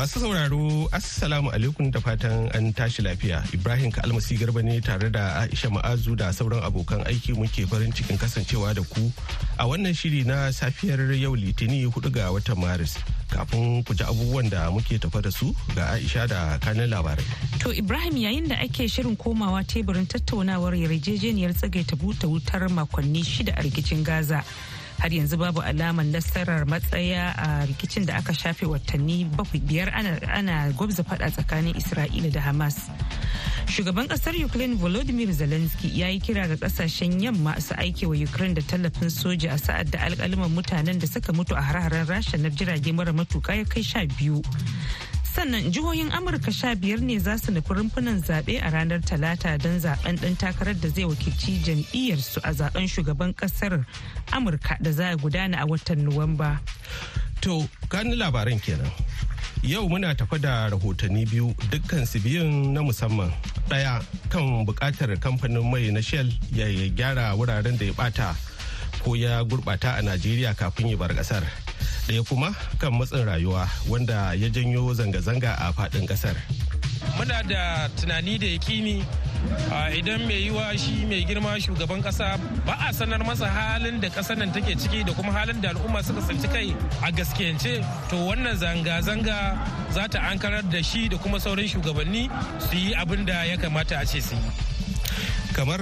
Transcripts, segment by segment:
Masu sauraro Assalamu alaikum da fatan an tashi lafiya. Ibrahim Kalmasi Garba ne tare da Aisha Ma'azu da sauran abokan aiki muke farin cikin kasancewa da ku a wannan shiri na safiyar yau Litini 4 ga watan Maris. Kafin ku ji abubuwan da muke tafa da su ga Aisha da kanin labarai. To Ibrahim yayin da ake shirin komawa teburin tattaunawar yarjejeniyar tsagaita buta wutar makonni shida a rikicin Gaza. har yanzu babu alamar nasarar matsaya a rikicin da aka shafe watanni bakwai biyar ana gwabza fada tsakanin isra'ila da hamas shugaban kasar ukraine volodymyr zelensky ya yi kira ga kasashen yamma su aike wa ukraine da tallafin soja a sa'ad da alkalaman mutanen da suka mutu a har-haren rasha na jirage mara matuka ya kai sha biyu sannan jihohin amurka sha biyar ne za su nufi rumfunan zaɓe a ranar talata don zaben ɗan takarar da zai wakilci jam'iyyarsu a zaben shugaban ƙasar amurka da za a gudana a watan nuwamba to gani labaran kenan yau muna tafa da rahotanni biyu dukkan su biyun na musamman ɗaya kan buƙatar kamfanin mai na shell ya gyara wuraren da ya ɓata ko ya gurɓata a najeriya kafin ya bar ƙasar ɗaya kuma kan matsin rayuwa wanda ya janyo zanga-zanga a faɗin ƙasar. Muna da tunani da yakini idan mai yiwa shi mai girma shugaban ƙasa ba a sanar masa halin da ƙasar nan take ciki da kuma halin da al'umma suka sanci kai a gaskiyance to wannan zanga-zanga za ta ankarar da shi da kuma sauran shugabanni su yi abin da ya kamata a ce su yi. kamar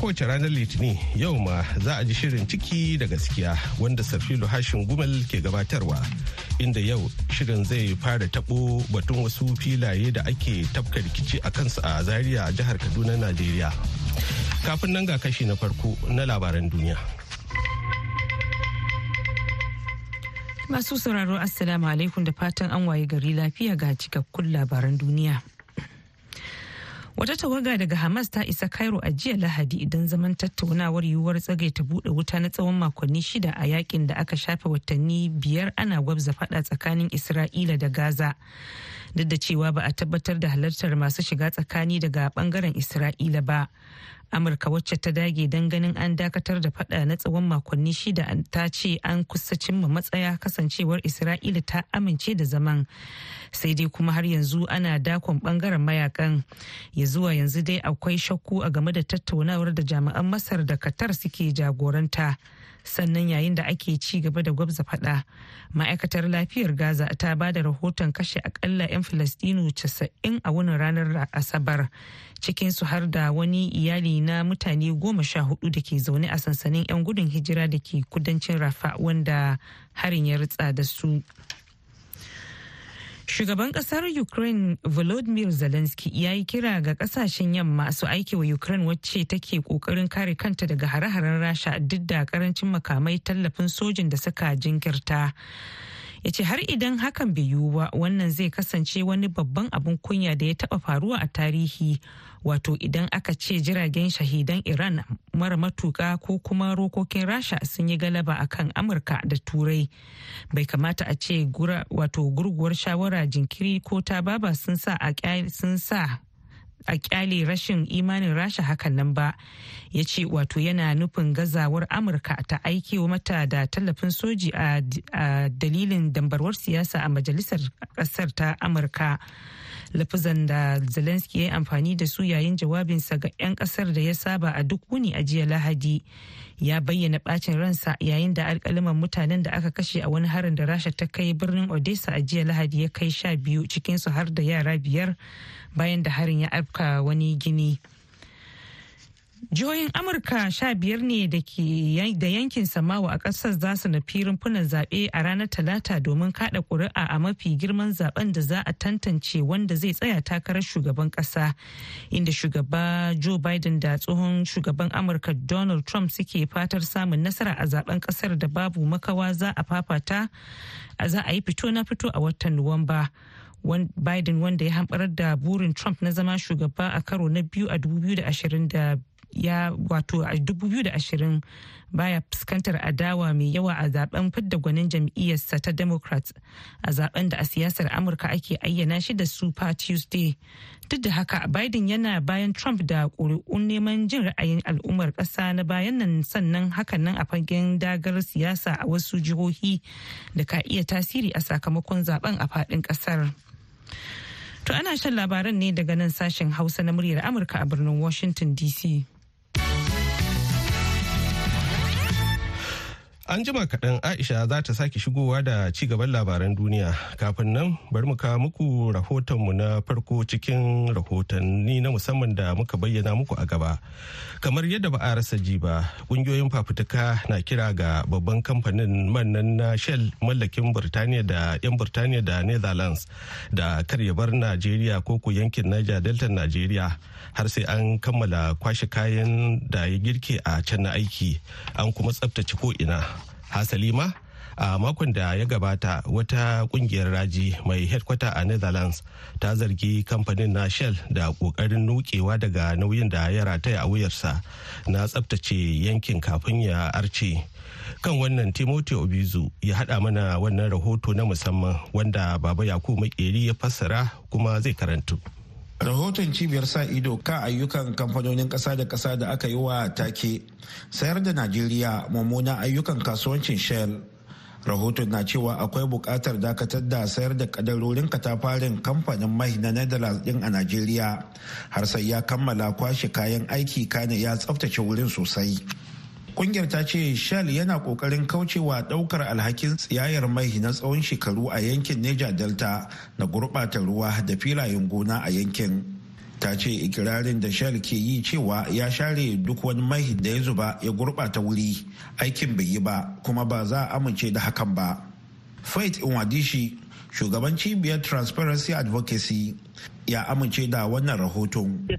kowace ranar litinin yau ma za a ji shirin ciki da gaskiya wanda sarfilu hashin gumel ke gabatarwa inda yau shirin zai fara tabo batun wasu filaye da ake tafka rikici a kansu a zaria jihar kaduna najeriya kafin nan ga kashi na farko na labaran duniya masu sauraro assalamu alaikum da fatan an waye gari lafiya ga cikakkun labaran duniya Wata tawaga daga Hamas ta isa Cairo a jiya Lahadi idan zaman tattaunawar yiwuwar tsagai ta buɗe wuta na tsawon makonni shida a yakin da aka shafe watanni biyar ana gwabza faɗa tsakanin Isra'ila da Gaza. Duk da cewa ba a tabbatar da halartar masu shiga tsakani daga bangaren Isra'ila ba. amurka wacce ta dage don ganin an dakatar da fada na tsawon makonni shida ta ce an kusa cimma matsaya kasancewar isra'ila ta amince da zaman sai dai kuma har yanzu ana dakon bangaren mayakan ya zuwa yanzu dai akwai shakku a game da tattaunawar da jami'an masar da qatar suke jagoranta sannan yayin da ake ci gaba da gwabza fada ma'aikatar lafiyar gaza ta ba da rahoton kashe akalla 'yan filistinu 90 a wani ranar asabar cikin su har da wani iyali na mutane goma sha hudu da ke zaune a sansanin 'yan gudun hijira da ke kudancin rafa wanda harin ya ritsa da su Shugaban kasar Ukraine Volodymyr Zelensky ya yi kira ga kasashen yamma su aiki wa Ukraine wacce take kokarin kare kanta daga hare-haren Rasha duk da karancin makamai tallafin sojin da suka jinkirta. ya ce har idan hakan bai yiwu ba wannan zai kasance wani babban abin kunya da ya taɓa faruwa a tarihi wato idan aka ce jiragen shahidan iran mara matuka ko kuma rokokin rasha sun yi galaba akan amurka da turai bai kamata a ce wato gurguwar shawara jinkiri ko ta baba sun sa a kyale rashin imanin rasha hakan nan ba ya ce wato yana nufin gazawar amurka ta aiki mata da tallafin soji a dalilin dambarwar siyasa a majalisar kasar ta amurka lafazan da zelensky ya yi amfani da su yayin jawabinsa ga 'yan kasar da ya saba a duk wuni a jiya lahadi ya bayyana ɓacin ransa yayin da alkaliman mutanen da aka kashe a wani harin da rasha ta kai birnin odessa a jiya lahadi ya kai sha biyu cikinsu har da yara biyar bayan da harin ya afka wani gini. Jihohin Amurka sha biyar ne da ke da yankin Samawa a ƙasar za su nufi rumfunan zaɓe a ranar Talata domin kaɗa ƙuri'a a mafi girman zaben da za a tantance wanda zai tsaya takarar shugaban ƙasa. Inda shugaba Joe Biden da tsohon shugaban Amurka Donald Trump suke fatar samun nasara a zaben ƙasar da babu makawa za a fafata a za a yi fito na fito a watan Nuwamba. Biden wanda ya hamɓarar da burin Trump na zama shugaba a karo na biyu a ya wato a 2020 baya fuskantar adawa mai yawa a zaben fidda gwanin jam'iyyarsa ta democrats a zaben da a siyasar amurka ake ayyana shi da super tuesday duk da haka biden yana bayan trump da ƙuri'un neman jin ra'ayin al'ummar ƙasa na bayan nan sannan hakan nan a fagen dagar siyasa a wasu jihohi da ka iya tasiri a sakamakon zaben a faɗin ƙasar. To ana shan labaran ne daga nan sashen Hausa na muryar Amurka a birnin Washington DC. An jima kaɗan Aisha za ta sake shigowa da ci gaban labaran duniya. Kafin nan bari mu kawo muku rahotonmu na farko cikin rahotanni na musamman da muka bayyana muku a gaba. Kamar yadda ba a rasa ji ba, ƙungiyoyin fafutuka na kira ga babban kamfanin mannan na Shell mallakin Birtaniya da 'yan Birtaniya da Netherlands da kar ya bar Najeriya ko ku yankin Niger Delta Najeriya. har sai an kammala kwashe kayan da ya girke a can na aiki an kuma tsabtace ko'ina hasali ma a makon da ya gabata wata kungiyar raji mai headquarter a netherlands ta zargi kamfanin na shell da kokarin nukewa daga nauyin da ya rataya a wuyarsa na tsabtace yankin kafin ya arce kan wannan timothy obizu ya hada mana wannan rahoto na musamman wanda baba yakubu makeri ya fassara kuma zai karantu. rahoton cibiyar sa ido kan ayyukan kamfanonin ƙasa da ƙasa da aka yi wa take sayar da najeriya mummuna ayyukan kasuwancin shell rahoton na cewa akwai bukatar dakatar da sayar da kadarorin katafarin kamfanin mai na netherlands din a najeriya har sai ya kammala kwashe kayan aiki kane ya tsaftace wurin sosai kungiyar ta ce shell yana kokarin kaucewa daukar alhakin tsiyayar mai na tsawon shekaru a yankin niger delta na gurbata ruwa da filayen gona a yankin ta ce ikirarin da shell ke yi cewa ya share duk wani mai da ya zuba ya gurbata wuri aikin bai yi ba kuma ba za a amince da hakan ba faith inwadishi shugaban cibiyar transparency advocacy ya amince da wannan rahoton.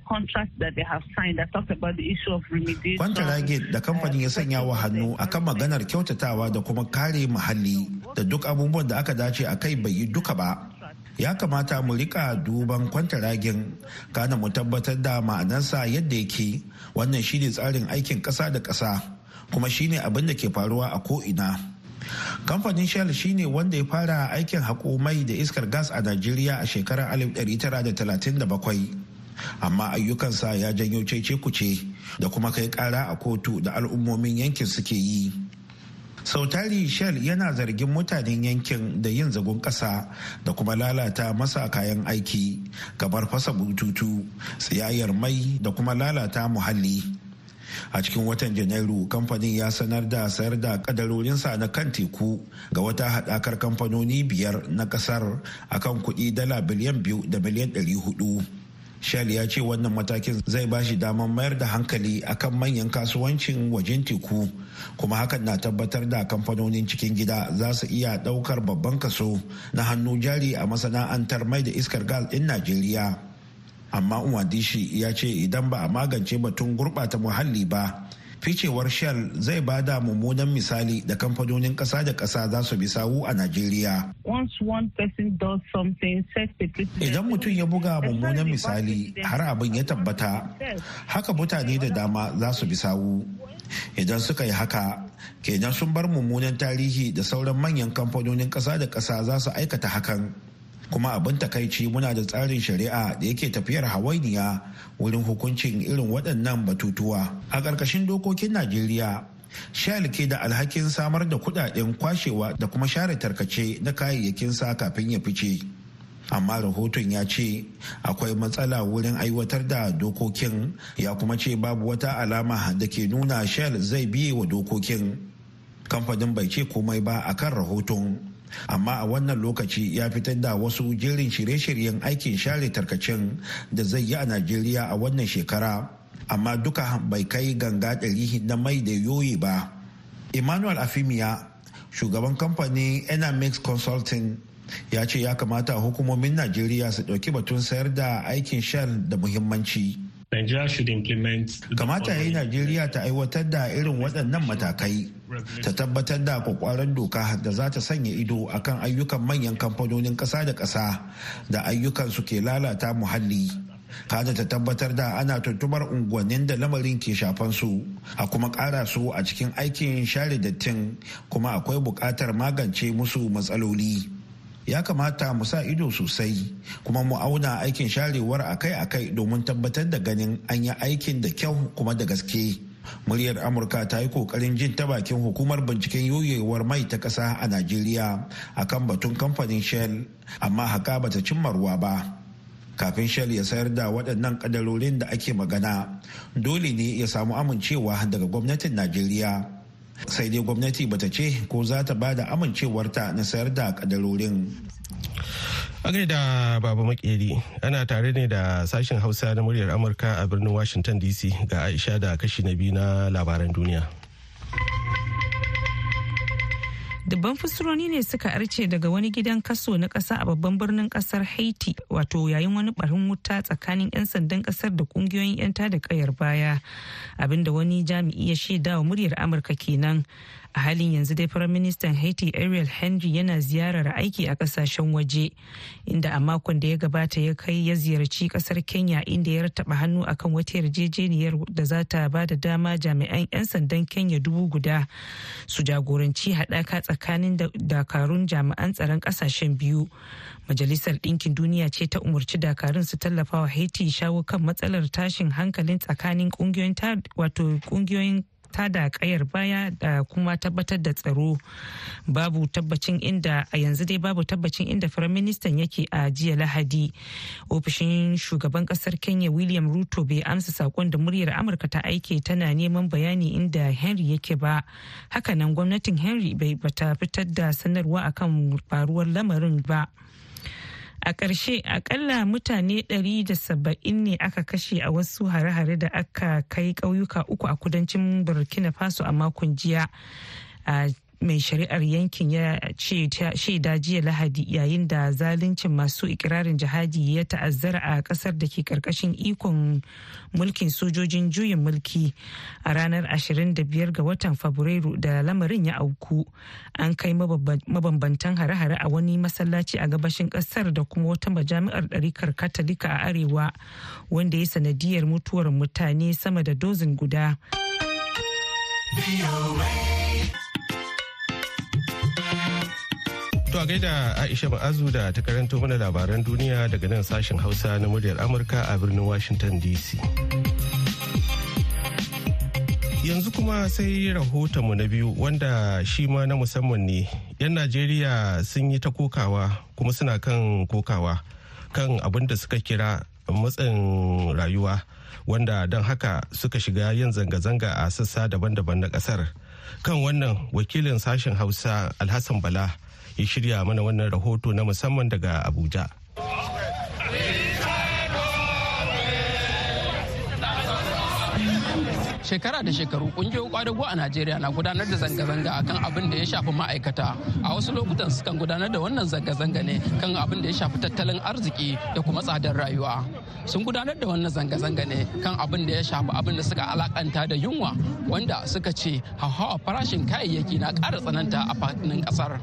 Kwantaragit da kamfanin ya sanya wa hannu akan maganar kyautatawa da kuma kare muhalli da duk abubuwan da aka dace a kai bai yi duka ba. Ya kamata mu rika duban kwantaragin kana mu tabbatar da ma'anarsa yadda yake wannan shine tsarin aikin ƙasa da ƙasa kuma shine abin da ke faruwa a ko'ina. kamfanin shell shine wanda ya fara aikin haƙo mai da iskar gas a najeriya a shekarar 1937 amma ayyukansa ya janyo cece kuce da kuma kai kara a kotu da al'ummomin yankin suke yi sautari shell yana zargin mutanen yankin da yin zagon ƙasa da kuma lalata masa kayan aiki kamar fasa bututu tsayayyar mai da kuma lalata muhalli a cikin watan janairu kamfanin ya sanar da sayar da kadarorinsa na kan teku ga wata haɗakar kamfanoni biyar na ƙasar akan kuɗi dala biliyan biyu da biliyan ɗari hudu shell ya ce wannan matakin zai ba shi damar mayar da hankali akan manyan kasuwancin wajen teku kuma hakan na tabbatar da kamfanonin cikin gida za su iya ɗaukar babban kaso na hannu jari a masana'antar mai da iskar gas ɗin najeriya amma umadishi ya ce idan ba a magance batun gurɓata muhalli ba ficewar shell zai ba da mummunan misali da kamfanonin ƙasa da ƙasa za su bi sawu a najeriya idan mutum ya buga mummunan misali har abin ya tabbata haka mutane da dama za su bi sawu idan suka yi haka kenan sun bar mummunan tarihi da sauran manyan kamfanonin ƙasa da ƙasa za su aikata hakan kuma abin takaici muna da tsarin shari'a da yake tafiyar hawainiya wurin hukuncin irin waɗannan batutuwa a ƙarƙashin dokokin najeriya shell ke da alhakin samar da kuɗaɗen kwashewa da kuma share tarkace na kayayyakin sa kafin ya fice amma rahoton ya ce akwai matsala wurin aiwatar da dokokin ya kuma ce babu wata alama da ke nuna shell zai biye wa dokokin kamfanin bai ce komai ba akan rahoton amma a wannan lokaci ya fitar da wasu jerin shirye-shiryen aikin share tarkacen da zai yi a najeriya a wannan shekara amma duka bai kai ganga ɗari na mai da yoyi ba emmanuel afimiya shugaban kamfanin enamix consulting ya ce ya kamata hukumomin najeriya su ɗauki batun sayar da aikin shan da muhimmanci kamata ya yi najeriya ta aiwatar da irin waɗannan matakai ta tabbatar da kwakwaran doka da za ta sanya ido akan ayyukan manyan kamfanonin ƙasa da ƙasa da ayyukan su ke lalata muhalli kada ta tabbatar da ana tuntumar unguwannin da lamarin ke shafan su a kuma ƙara su a cikin aikin share dattin kuma akwai buƙatar magance musu matsaloli ya kamata mu sa ido sosai kuma mu auna aikin sharewar akai-akai domin tabbatar da ganin an yi aikin da kyau kuma da gaske. muryar amurka ta yi kokarin jin ta bakin hukumar binciken yoyewar mai ta kasa a najeriya akan batun kamfanin shell amma haka bata cimma ruwa ba kafin shell ya sayar da waɗannan kadarorin da ake magana dole ne ya samu amincewa daga gwamnatin najeriya sai dai gwamnati bata ce ko za ta ba da amincewarta na sayar da kadarorin A da Baba Makeri ana tare ne da sashen Hausa na muryar Amurka a birnin Washington DC ga Aisha da kashi na biyu na labaran duniya. Dubban fusuroni ne suka arce daga wani gidan kaso na kasa a babban birnin kasar Haiti wato yayin wani barin wuta tsakanin 'yan sandan kasar da kungiyoyin 'yan tada kayar baya abinda wani jami'i ya shaidawa muryar Amurka kenan a halin yanzu dai firaministan haiti ariel henry yana ziyarar aiki a kasashen waje inda a makon da ya gabata ya kai ya ziyarci kasar kenya inda ya taba hannu akan wata yarjejeniyar da za ta ba da dama jami'an 'yan sandan kenya dubu guda su jagoranci haɗaka tsakanin dakarun jami'an tsaron kasashen biyu majalisar ɗinkin duniya ce ta umarci dakarun su tallafa wa haiti shawo kan matsalar tashin hankalin tsakanin ƙungiyoyin ta da kayar baya da kuma tabbatar da tsaro babu tabbacin inda a yanzu dai babu tabbacin inda firaministan yake a jiya lahadi ofishin shugaban kasar kenya william ruto bai amsa sakon da muryar amurka ta aike tana neman bayani inda henry yake ba hakanan gwamnatin henry bai bata fitar da sanarwa akan faruwar lamarin ba. a ƙarshe akalla mutane 170 ne aka kashe a wasu hare-hare da aka kai ƙauyuka uku a kudancin burkina faso a makon jiya a mai shari'ar yankin ya shaida jiya lahadi yayin da zaluncin masu ikirarin jihadi ya ta'azzara a kasar da ke karkashin ikon mulkin sojojin juyin mulki a ranar 25 ga watan fabrairu da lamarin ya auku an kai mabambantan hare-hare a wani masallaci a gabashin kasar da kuma wata majami'ar ɗarikar katolika a arewa wanda ya sanadiyar mutuwar mutane sama da dozin guda. To a gaida Aisha Ma'azu da ta karanto mana labaran duniya daga nan sashen Hausa na muryar Amurka a birnin Washington DC. Yanzu kuma sai rahotonmu na biyu wanda shi ma na musamman ne. 'Yan Najeriya sun yi ta kokawa kuma suna kan kokawa kan abin da suka kira matsin rayuwa wanda don haka suka shiga yin zanga-zanga a sassa daban-daban na kasar. Kan wannan wakilin sashen Hausa Alhassan Bala. ya shirya mana wannan rahoto na musamman daga abuja shekara da shekaru kungiyoyin kwadago a najeriya na gudanar da zanga-zanga akan abin da ya shafi ma'aikata a wasu lokutan sukan gudanar da wannan zanga-zanga ne kan abin da ya shafi tattalin arziki da kuma tsadar rayuwa sun gudanar da wannan zanga-zanga ne kan abin da ya shafi abin da suka alakanta da yunwa wanda suka ce hauhawa farashin kayayyaki na ƙara tsananta a fadin ƙasar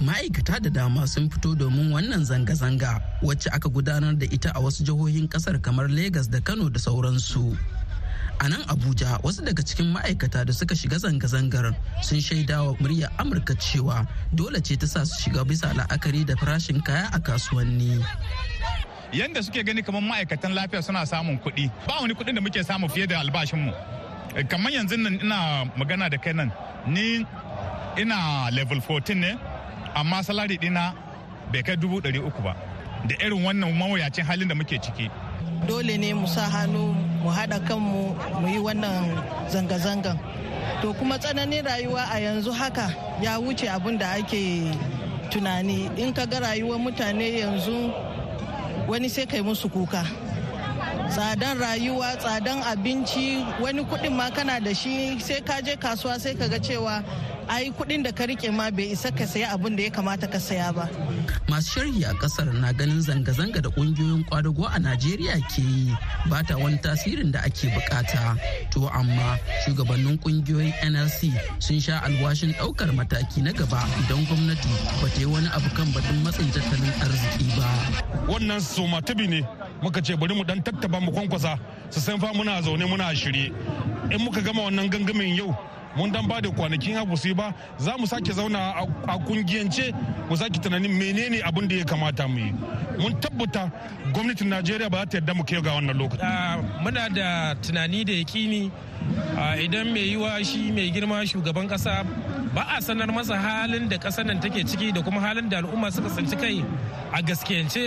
ma'aikata da dama sun fito domin wannan zanga-zanga wacce aka gudanar da ita a wasu jihohin kasar kamar Legas da Kano da sauransu. A nan Abuja wasu daga cikin ma'aikata da suka shiga zanga-zangar sun shaidawa murya Amurka cewa dole ce ta sa su shiga bisa la'akari da farashin kaya a kasuwanni. Yanda suke gani kamar ma'aikatan lafiya suna samun kuɗi ba wani kuɗin da muke samu fiye da albashinmu. Eh, kamar yanzu nan ina magana da kai nan ni ina level 14 ne amma salari dina bai kai dubu ɗari uku ba da irin wannan mawuyacin halin da muke ciki dole ne mu sa hannu mu haɗa kanmu mu yi wannan zanga-zangan to kuma tsananin rayuwa a yanzu haka ya wuce abin da ake tunani in ka ga rayuwar mutane yanzu wani sai kai musu kuka tsadan rayuwa tsadan abinci wani kuɗin ma kana da shi sai ka je kasuwa sai ka ga cewa ai kuɗin da ka rike ma bai isa ka saya abin da ya kamata ka saya ba. Masu sharhi a kasar na ganin zanga-zanga da ƙungiyoyin kwadago a Najeriya ke yi ba ta wani tasirin da ake bukata. To amma shugabannin ƙungiyoyin NLC sun sha alwashin ɗaukar mataki na gaba idan gwamnati ba ta yi wani abu kan batun matsin tattalin arziki ba. Wannan somatabi ne muka ce bari mu dan tattaba mu kwankwasa su san fa muna zaune muna shirye. In muka gama wannan gangamin yau mun dan ba da kwanakin haku su ba za mu sake zauna a kungiyance mu sake tunanin menene abin da ya kamata mu yi mun tabbata gwamnatin najeriya ba za ta yarda mu kai ga wannan lokaci ah, muna da tunani da yakini ah, idan mai yiwa shi mai girma shugaban kasa ba a sanar masa halin da kasar nan take ciki da kuma halin da al'umma suka sanci kai a gaskiyance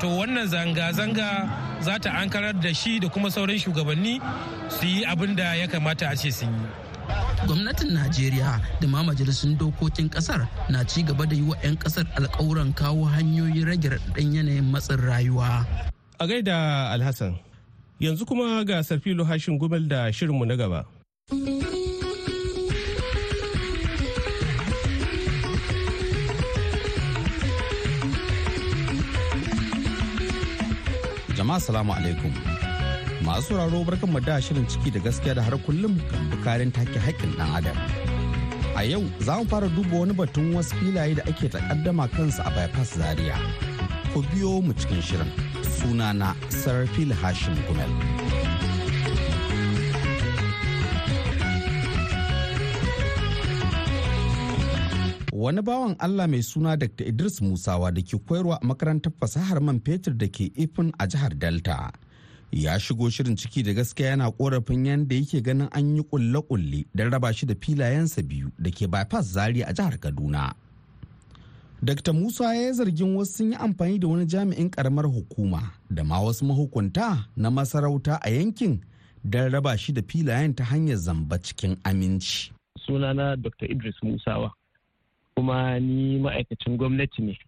to wannan zanga-zanga za ta ankarar da shi da kuma sauran shugabanni su yi abin da ya kamata a ce sun yi gwamnatin najeriya da ma majalisun dokokin kasar na ci gaba da yi wa 'yan kasar alkawuran kawo hanyoyin rage raɗaɗin yanayin matsin rayuwa a gaida alhassan yanzu kuma ga sarfilo hashin gumel da shirinmu na gaba jama'a salamu alaikum masu sauraro barkan mu da shirin ciki da gaskiya da har kullum kan bukarin take haƙƙin ɗan adam a yau za mu fara duba wani batun wasu filaye da ake takaddama kansu a bypass zaria ku biyo mu cikin shirin suna na sarfil hashim gumel wani bawan Allah mai suna Dr. Idris Musawa da ke koyarwa a makarantar fasahar man fetur da ke Ifin a jihar Delta ya shigo shirin ciki da gaskiya yana korafin yadda yake ganin an yi kulle-kulle don raba shi da filayensa biyu da ke bypass zari a jihar kaduna dr musa ya yi zargin wasu sun yi amfani da wani jami'in karamar hukuma da ma wasu mahukunta na masarauta a yankin don raba shi da filayen ta hanyar zamba cikin aminci sunana dr idris musawa kuma ni ma'aikacin gwamnati ne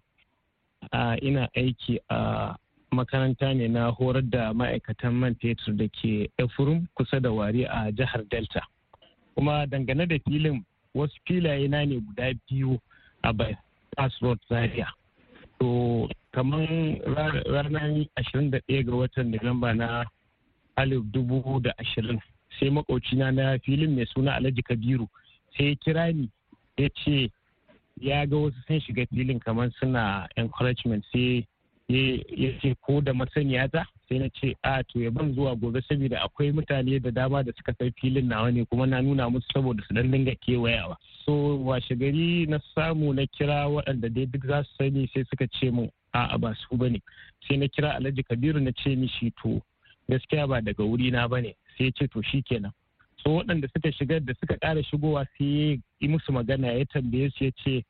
ah, ina aiki a makaranta ne na horar da ma'aikatan man fetur da ke efurum kusa da wari a jihar delta kuma dangane da filin wasu filaye na ne guda biyu a bypass road zaria to kamar ranar 21 ga watan nuwamba na alif dubu da sai makocina na filin mai suna alhaji kabiru sai ya kira ni ya ce ya ga wasu sun shiga filin kamar suna encouragement sai ya ce ko da masaniya ta sai na ce a to ya ban zuwa gobe saboda akwai mutane da dama da suka san filin nawa ne kuma na nuna musu saboda su dan dinga kewayawa so washe gari na samu na kira waɗanda dai duk za su sani sai suka ce mu a'a ba su bane sai na kira alhaji kabiru na ce mishi to gaskiya ba daga wuri na bane sai ce to shikenan so waɗanda suka shigar da suka ƙara shigowa sai yi musu magana ya tambaye su ya ce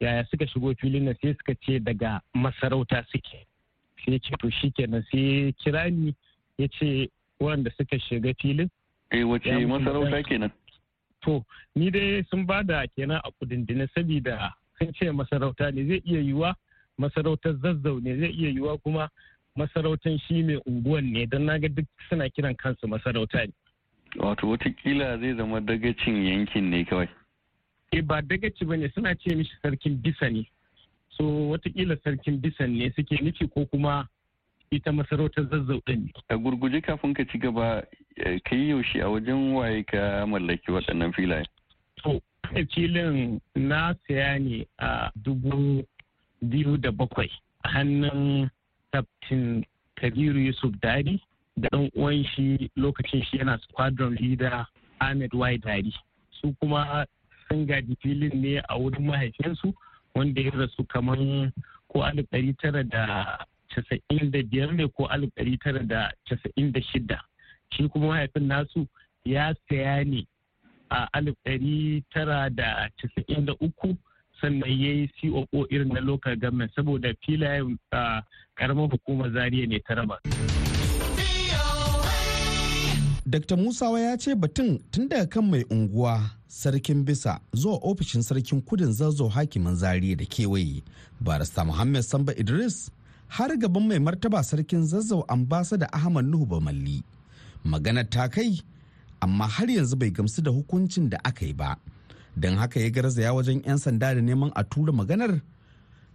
yaya suka shigo filin nan sai suka ce daga masarauta suke sai ya ce to shi kenan sai kira ni ya ce waɗanda suka shiga filin eh wace masarauta kenan to ni dai sun ba da kenan a kudindina saboda sun ce masarauta ne zai iya yiwa masarautar zazzau ne zai iya yiwa kuma masarautar shi mai unguwan ne don naga duk suna kiran kansu masarauta ne wato watakila zai zama dagacin yankin ne kawai eh ba dagaci ba ne suna ce mishi sarkin bisa ne so watakila sarkin bisa ne suke nufi ko kuma ita masarautar zazzau ɗin ne. a gurguje kafin ka ci gaba eh, ka yi yaushe a wajen waye ka mallaki waɗannan filaye. to filin na saya ne a dubu biyu da bakwai hannun captain kabiru yusuf dadi da ɗan uwan shi lokacin shi yana squadron leader ahmed y dadi su kuma sun gaji filin ne a wurin mahaifinsu wanda ya rasu kamar ko alif ɗari tara da casa'in da biyar ne ko alif ɗari tara da casa'in da shida shi kuma mahaifin nasu ya saya ne a alif ɗari tara da casa'in da uku sannan ya yi coo irin na local government saboda filayen a karamar hukumar zariya ne ta raba. Dr. Musawa ya ce batun tun daga kan mai unguwa sarkin bisa zuwa ofishin sarkin kudin zazzau hakimin zariya da kewaye barista muhammad samba idris har gaban mai martaba sarkin zazzau ambasada ahmad nuhu bamalli maganar ta kai amma har yanzu bai gamsu da hukuncin da aka yi ba don haka ya garzaya wajen 'yan sanda da neman a tura maganar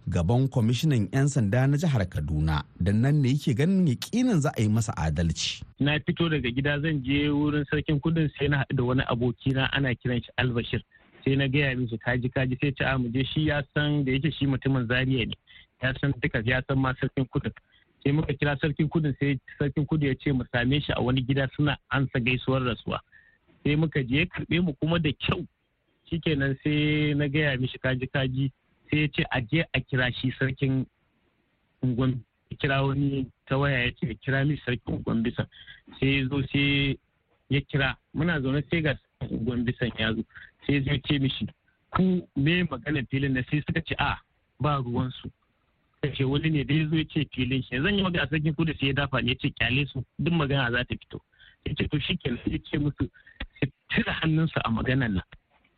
gaban kwamishinan 'yan sanda na jihar kaduna da nan ne yake ganin yakinin za a yi masa adalci na fito daga gida zan je wurin sarkin kudin sai na haɗu da wani abokina ana kiran shi albashir sai na gaya mishi kaji kaji sai ta amuje shi ya san da yake shi mutumin zariya ne ya san duka ya san ma sarkin kudin sai muka kira sarkin kudin sai sarkin kudin ya ce mu same shi a wani gida suna ansa gaisuwar rasuwa sai muka je ya karbe mu kuma da kyau shikenan sai na gaya mishi kaji kaji sai ya ce aje a kira shi sarkin ungon kira wani ta waya ya ce kira mi sarkin ungon bisa sai ya zo sai ya kira muna zaune sai ga ungon bisan ya zo sai ya ce mishi ku me magana filin da sai suka ce a ah, ba ruwansu ce wani ne da ya zo ya ce filin shi zan yi magana sarkin da sai ya dafa ne ya ce kyale su duk magana za ta fito ya ce to shi kenan ya ce musu tira hannunsa a maganan nan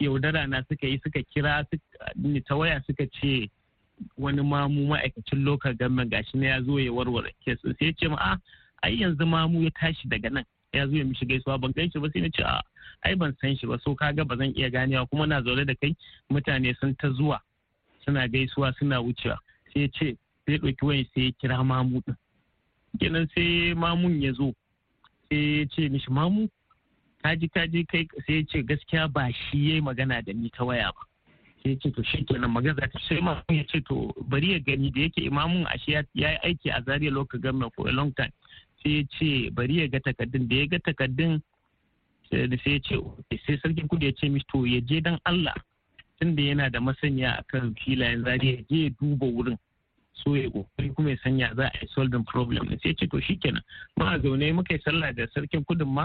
yaudara na suka yi suka kira ni ta waya suka ce wani mamu ma'aikacin local government gashi na ya zo ya warware kesu sai ce ma ai yanzu mamu ya tashi daga nan ya zo ya mishi gaisuwa ban gan shi ba sai na ce a ai ban san shi ba so kaga ba zan iya ganewa kuma na zaune da kai mutane sun ta zuwa suna gaisuwa suna wucewa sai ya ce sai ɗauki wayan sai ya kira mamu din kenan sai mamun ya zo sai ya ce mishi mamu kaji kaji kai sai ce gaskiya ba shi yayi magana da ni ta waya ba sai ce to shi kenan magana za ta sai ma ya ce to bari ya gani da yake imamun ashe ya yi aiki a Zariya lokacin government for a long time sai ce bari ya ga takaddun da ya ga takaddun sai ce sai sarkin kudu ya ce mishi to ya je dan Allah tunda yana da masaniya akan filayen zariya. ya je ya duba wurin so ya kokari kuma ya sanya za a yi solving problem sai ce to kenan ma zaune muka yi sallah da sarkin kudin ma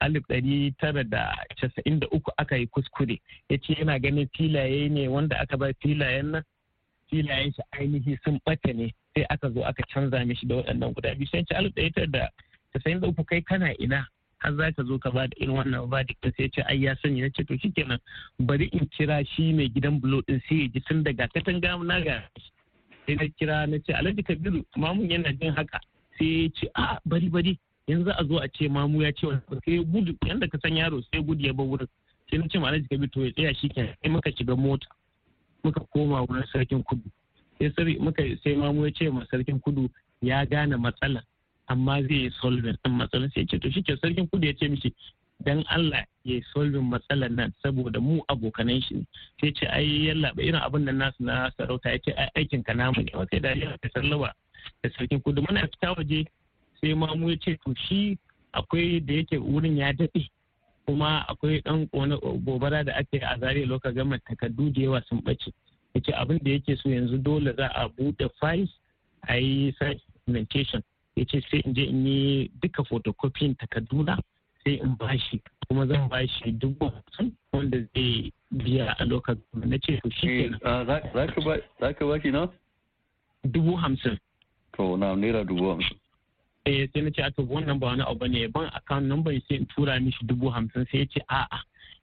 alif tara da casa'in da uku aka yi kuskure ya ce yana ganin filaye ne wanda aka bar filayen nan filayen shi ainihi sun bata ne sai aka zo aka canza mishi da waɗannan guda biyu sai ce alif tara da casa'in da uku kai kana ina har za ka zo ka ba da irin wannan ba da sai ce ai ya sanya na ce to shikenan bari in kira shi mai gidan bulo din sai ya ji tun daga katanga na ga sai na kira na ce alhaji kabiru mamun yana jin haka sai ya ce a bari bari yanzu a zo a ce mamu ya ce wani sai gudu yanda ka san yaro sai gudu ya bar wurin sai na ce ma alhaji kabi to ya tsaya shi kenan sai muka shiga mota muka koma wurin sarkin kudu sai sai muka sai mamu ya ce ma sarkin kudu ya gane matsala amma zai yi solving din matsalar sai ce to shi ke sarkin kudu ya ce mishi dan Allah ya yi solving matsalar nan saboda mu abokanan shi sai ce ai yalla ba irin abin nan nasu na sarauta ya ce aikin ka namu ne sai da ya sallaba da sarkin kudu muna fita waje sai ma mu ce to shi akwai da yake wurin ya daɗe kuma akwai ɗan gobara da ake a zare lokacin gama takardu da yawa sun ɓace ya ce abin da yake so yanzu dole za a buɗe files a yi documentation ya ce sai in je in yi duka photocopying takarduna sai in bashi kuma zan bashi dubban hamsin wanda zai biya a lokacin na ce to shi eh, za ka bashi na dubu hamsin to na naira dubu hamsin sai eh, sai na ce aka wannan ba wani abu bane ban account number sai in tura mishi dubu hamsin sai ya ce a'a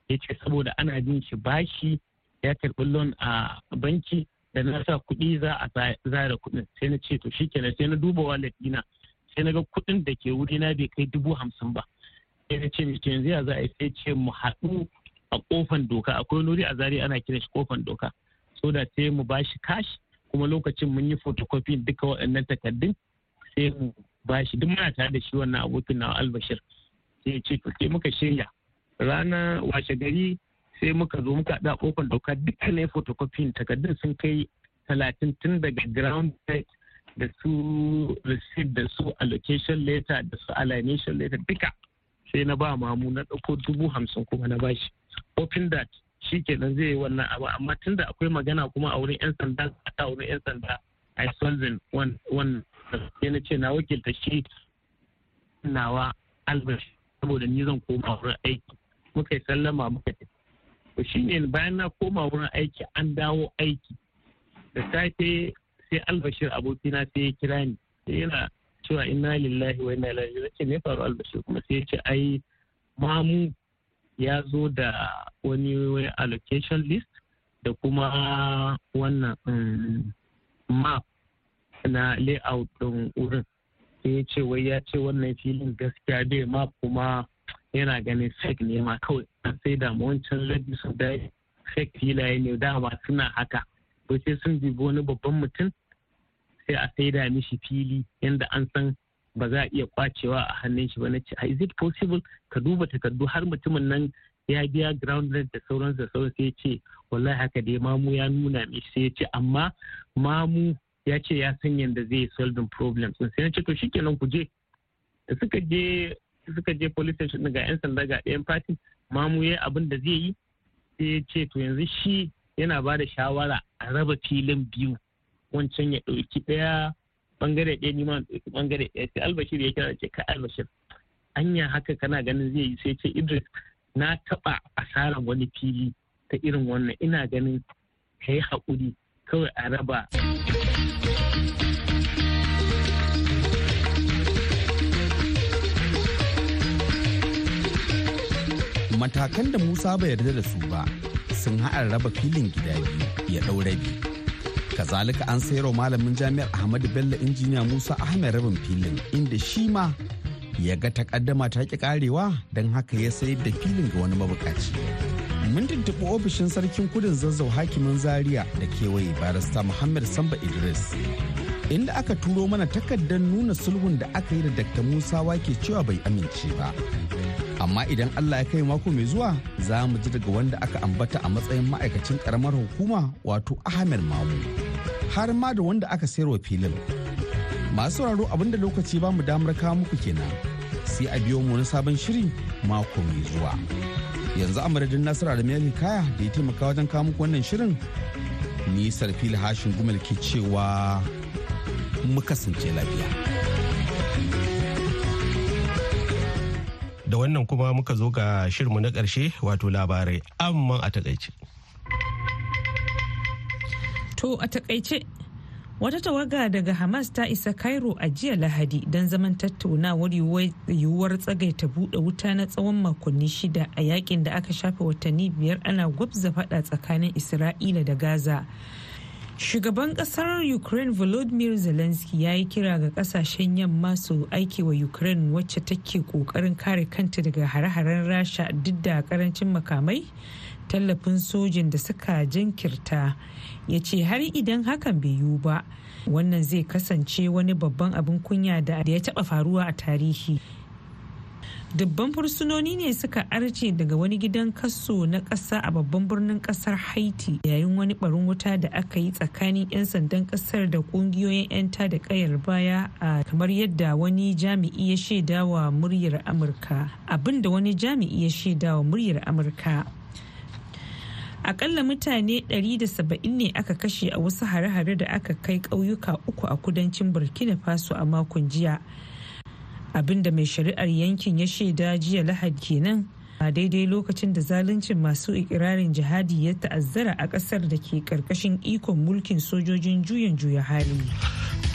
ya ce saboda ana bin shi bashi ya karɓi loan a banki da na sa kuɗi za a zara kuɗin sai na ce to shi shikenan sai na duba wallet dina sai na ga kuɗin da ke wuri na bai kai dubu hamsin ba sai na ce mishi yanzu ya za a yi sai ce mu haɗu a kofan doka akwai nuri a zari ana kira shi kofan doka so da sai mu bashi kashi kuma lokacin mun yi photocopy duka waɗannan takardun sai mu ba shi duk muna tare da shi wannan abokin na albashir sai ce to sai muka shirya rana washe gari sai muka zo muka da kofar dauka dukkanin photocopying takardun sun kai talatin tun daga ground da su receipt da su allocation letter da su alienation letter duka sai na ba mamu na dauko dubu hamsin kuma na bashi open that shi kenan zai yi wannan abu amma tunda akwai magana kuma a wurin yan sanda a wurin yan sanda a solving wannan sai na ce na wakilta shi nawa albashi saboda ni zan koma wurin aiki muka yi sallama muka tafi shi ne bayan na koma wurin aiki an dawo aiki da safe sai albashir abokina sai ya kira ni sai yana cewa inna lillahi wa inna ilaihi raji'un me faru albashir kuma sai ya ce ai mamu ya zo da wani allocation list da kuma wannan mm, map na layout ɗin wurin sai ya ce wai ya ce wannan filin gaskiya bai ma kuma yana ganin fake ne ma kawai sai da wancan ladi su da fake filaye ne dama suna haka ba sai sun bibi wani babban mutum sai a sai da mishi fili yanda an san ba za a iya kwacewa a hannun shi ba na ce is it possible ka duba takardu har mutumin nan ya biya ground rent da sauransu da sauransu sai ce wallahi haka dai mamu ya nuna mishi sai ya ce amma mamu ya ce ya san yadda zai solving problems sai na ce to shikenan ku je da suka je suka je police station ga yan sanda ga ɗayan party mamu yi abin da zai yi sai ya ce to yanzu shi yana ba da shawara a raba filin biyu wancan ya ɗauki ɗaya bangare ɗaya ni ma ɗauki bangare ɗaya sai albashir ya kira ce ka albashir anya haka kana ganin zai yi sai ce idris na taɓa asarar wani fili ta irin wannan ina ganin ka yi haƙuri kawai a raba. matakan da musa bai yarda da su ba sun haɗa raba filin gida biyu ya ɗau rabi kazalika an sayarwa malamin jami'ar ahmadu bello injiniya musa ahmed rabin filin inda shi ma ya ga takaddama ta ki karewa don haka ya sayar da filin ga wani mabukaci mun tuntuɓi ofishin sarkin kudin zazzau hakimin zaria da kewaye barista muhammad samba idris inda aka turo mana takardar nuna sulhun da aka yi da dr musa wake cewa bai amince ba amma idan allah ya kai mako mai zuwa za mu ji daga wanda aka ambata a matsayin ma'aikacin karamar hukuma wato ahmed mamu har ma da wanda aka sayar wa filin masu sauraro abinda lokaci ba mu damar kawo muku kenan sai a biyo mu na sabon shiri mako mai zuwa yanzu a madadin nasara da kaya da ya taimaka wajen kawo muku wannan shirin ni sarfil hashin gumal ke cewa mu kasance lafiya. da wannan kuma muka zo ga shirmu na ƙarshe wato labarai amma a takaice. To a takaice wata tawaga daga Hamas ta isa Cairo a jiya Lahadi don zaman tattaunawar yiwuwar tsagaita buɗe wuta na tsawon makonni shida a yakin da aka shafe watanni biyar ana gwabza faɗa tsakanin Isra'ila da Gaza. Shugaban kasar Ukraine Volodymyr Zelensky ya yi kira ga kasashen yamma su aiki wa Ukraine wacce take kokarin kare kanta daga hare-haren Rasha duk da karancin makamai, tallafin sojin da suka jinkirta. Ya ce har idan hakan bai yiwu ba, wannan zai kasance wani babban abin kunya da ya taɓa faruwa a tarihi. dubban fursunoni ne suka arce daga wani gidan kaso na kasa a babban birnin kasar haiti yayin wani barin wuta da aka yi tsakanin 'yan sandan kasar da kungiyoyin 'yan ta da kayar baya a kamar yadda wani jami'i ya shaidawa muryar amurka abinda wani jami'i ya shaidawa muryar amurka akalla mutane 170 ne aka kashe a wasu hare-hare da aka kai ƙauyuka uku a kudancin burkina faso a makon jiya abinda mai shari'ar yankin ya shaida jiya lahad kenan a daidai lokacin da zaluncin masu ikirarin jihadi ya ta'azzara a kasar da ke karkashin ikon mulkin sojojin juyan juya hali.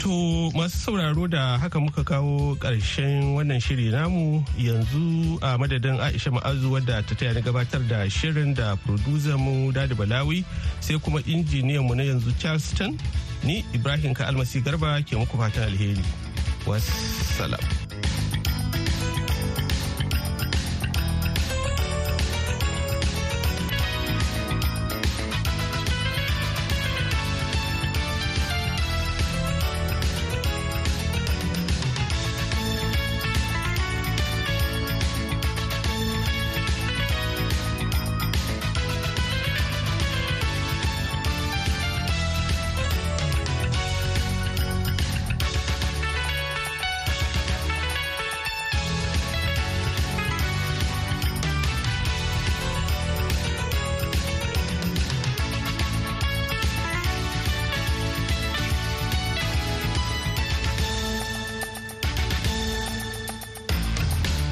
To masu sauraro da haka muka kawo karshen wannan shiri namu yanzu a madadin Aisha Ma'azu wadda ta taya na gabatar da shirin da producer mu Dadi Balawi sai kuma injiniyan mu na yanzu Charleston ni Ibrahim Ka Almasi Garba ke muku fatan alheri. Wassalam.